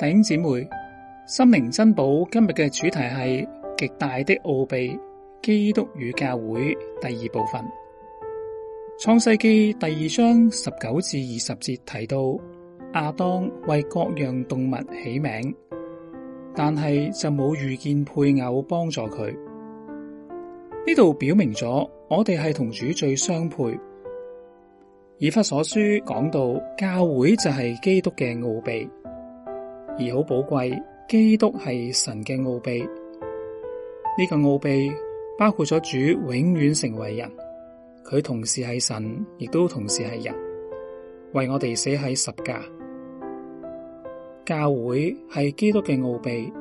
弟兄姊妹，心靈珍寶今日嘅主題係極大的奧秘，基督與教會第二部分。創世記第二章十九至二十節提到亞當為各樣動物起名，但係就冇遇見配偶幫助佢。呢度表明咗我哋係同主最相配。以弗所書講到教會就係基督嘅奧秘。而好寶貴，基督係神嘅奧秘。呢、這個奧秘包括咗主永遠成為人，佢同時係神，亦都同時係人，為我哋死喺十架。教會係基督嘅奧秘，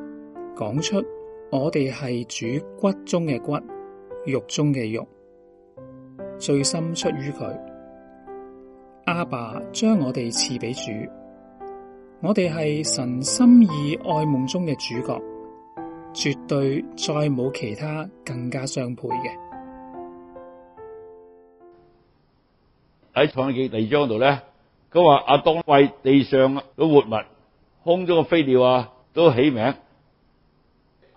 講出我哋係主骨中嘅骨，肉中嘅肉，最深出於佢。阿爸將我哋賜俾主。我哋係神心意愛夢中嘅主角，絕對再冇其他更加相配嘅。喺創記第二章度咧，佢話阿當為地上嘅活物，空中嘅飛鳥啊，都起名。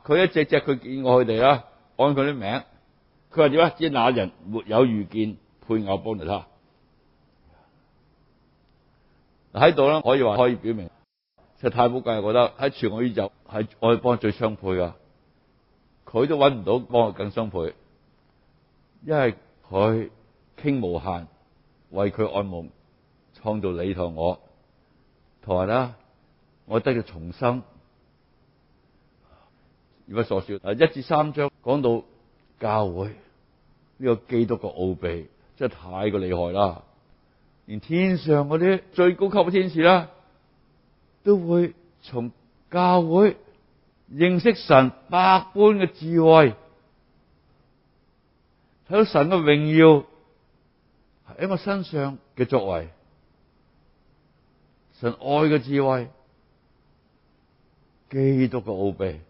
佢一隻隻佢見過佢哋啦，講佢啲名。佢話點解知那人沒有遇見配偶幫助他。喺度啦，可以話可以表明，其實太寶貴，覺得喺全宇宙係愛邦最相配噶，佢都揾唔到幫我更相配，因為佢傾無限，為佢愛夢創造你同我，同埋啦，我得嘅重生，如果傻笑，一至三章講到教會呢個基督嘅奧祕，真係太過厲害啦。連天上嗰啲最高級嘅天使啦，都會從教會認識神百般嘅智慧，睇到神嘅榮耀喺我身上嘅作為，神愛嘅智慧，基督嘅奧秘，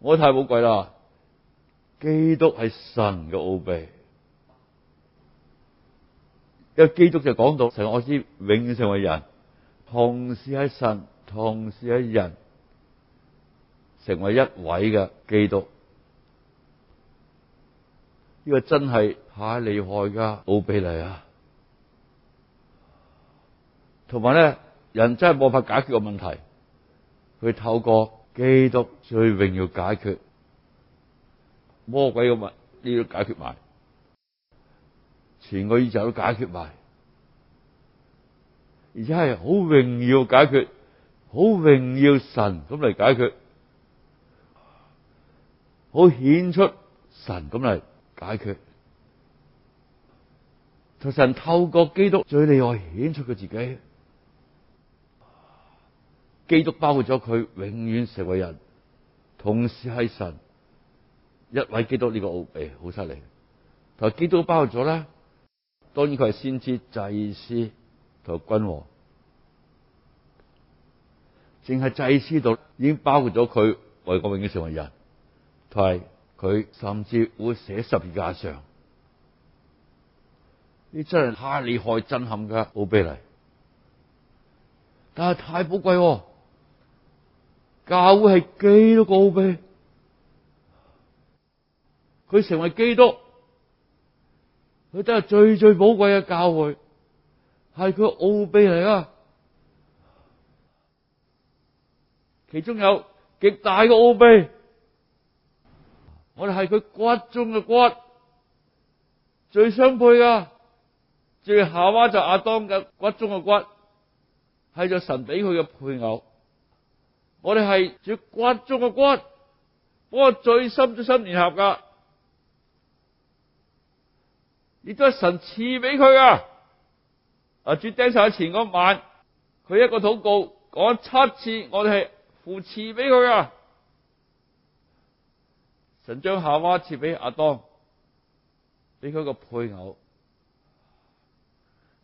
我太寶貴啦！基督係神嘅奧秘。因基督就講到，神我知永遠成為人，同時喺神，同時喺人，成為一位嘅基督。呢個真係太厲害噶，好比例啊！同埋咧，人真係冇法解決嘅問題，佢透過基督最榮耀解決魔鬼嘅物，呢啲解決埋。全個宇宙都解決埋，而且係好榮耀解決，好榮耀神咁嚟解決，好顯出神咁嚟解決。神透過基督最厲害，顯出佢自己。基督包括咗佢永遠成為人，同時係神一位基督呢個奧秘好犀利。但、欸、基督包括咗咧。當然佢係先知、祭司同君王，淨係祭司度已經包括咗佢為我永遠成為人，同埋佢甚至會寫十二架上。呢真係太厲害、震撼嘅奧秘嚟，但係太寶貴。教會係基督嘅奧秘，佢成為基督。佢真係最最寶貴嘅教會，係佢奧秘嚟啦。其中有極大嘅奧秘，我哋係佢骨中嘅骨，最相配噶。最夏娃就阿當嘅骨中嘅骨，係就神俾佢嘅配偶。我哋係最骨中嘅骨，不過最深最深聯合噶。亦都係神賜俾佢噶，啊，絕頂賽前嗰晚，佢一個禱告講七次，我哋係父賜俾佢噶。神將夏娃賜俾亞當，俾佢個配偶，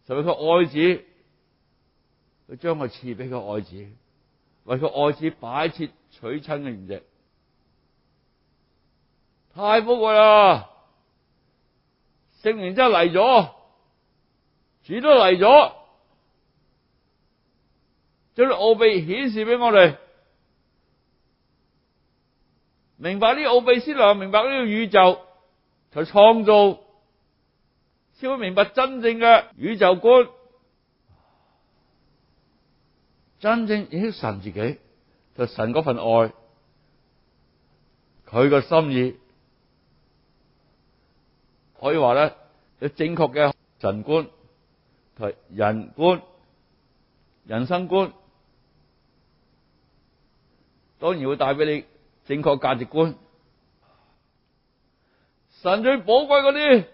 就為佢愛子，佢將佢賜俾佢愛子，為佢愛子擺設娶親嘅筵席，太寶貴啦！證明之後嚟咗，主都嚟咗，將啲奧祕顯示俾我哋，明白呢奧祕先，就明白呢個宇宙，就創造，先明白真正嘅宇宙觀，真正認識神自己，就神嗰份愛，佢個心意。可以話咧，有正確嘅神觀、人觀、人生觀，當然會帶俾你正確價值觀。神最寶貴嗰啲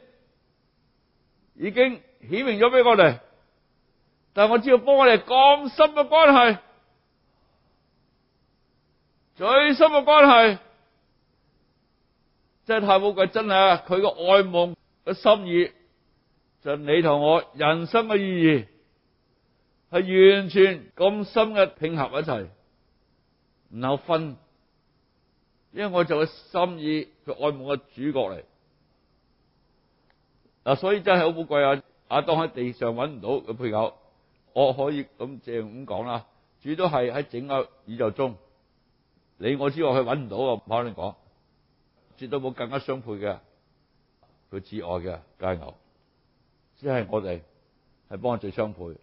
已經顯明咗俾我哋，但係我只要幫我哋講深嘅關係，最深嘅關係。真係太寶貴，真係佢個愛夢嘅心意，就你同我人生嘅意義，係完全咁深嘅拼合一齊，然後分，因為我就係心意佢愛夢嘅主角嚟，嗱，所以真係好寶貴啊！阿當喺地上揾唔到嘅配偶，我可以咁正咁講啦，主都係喺整個宇宙中，你我知佢去揾唔到啊，唔可能講。絕對冇更加相配嘅，佢至愛嘅加油，只係我哋係幫最相配。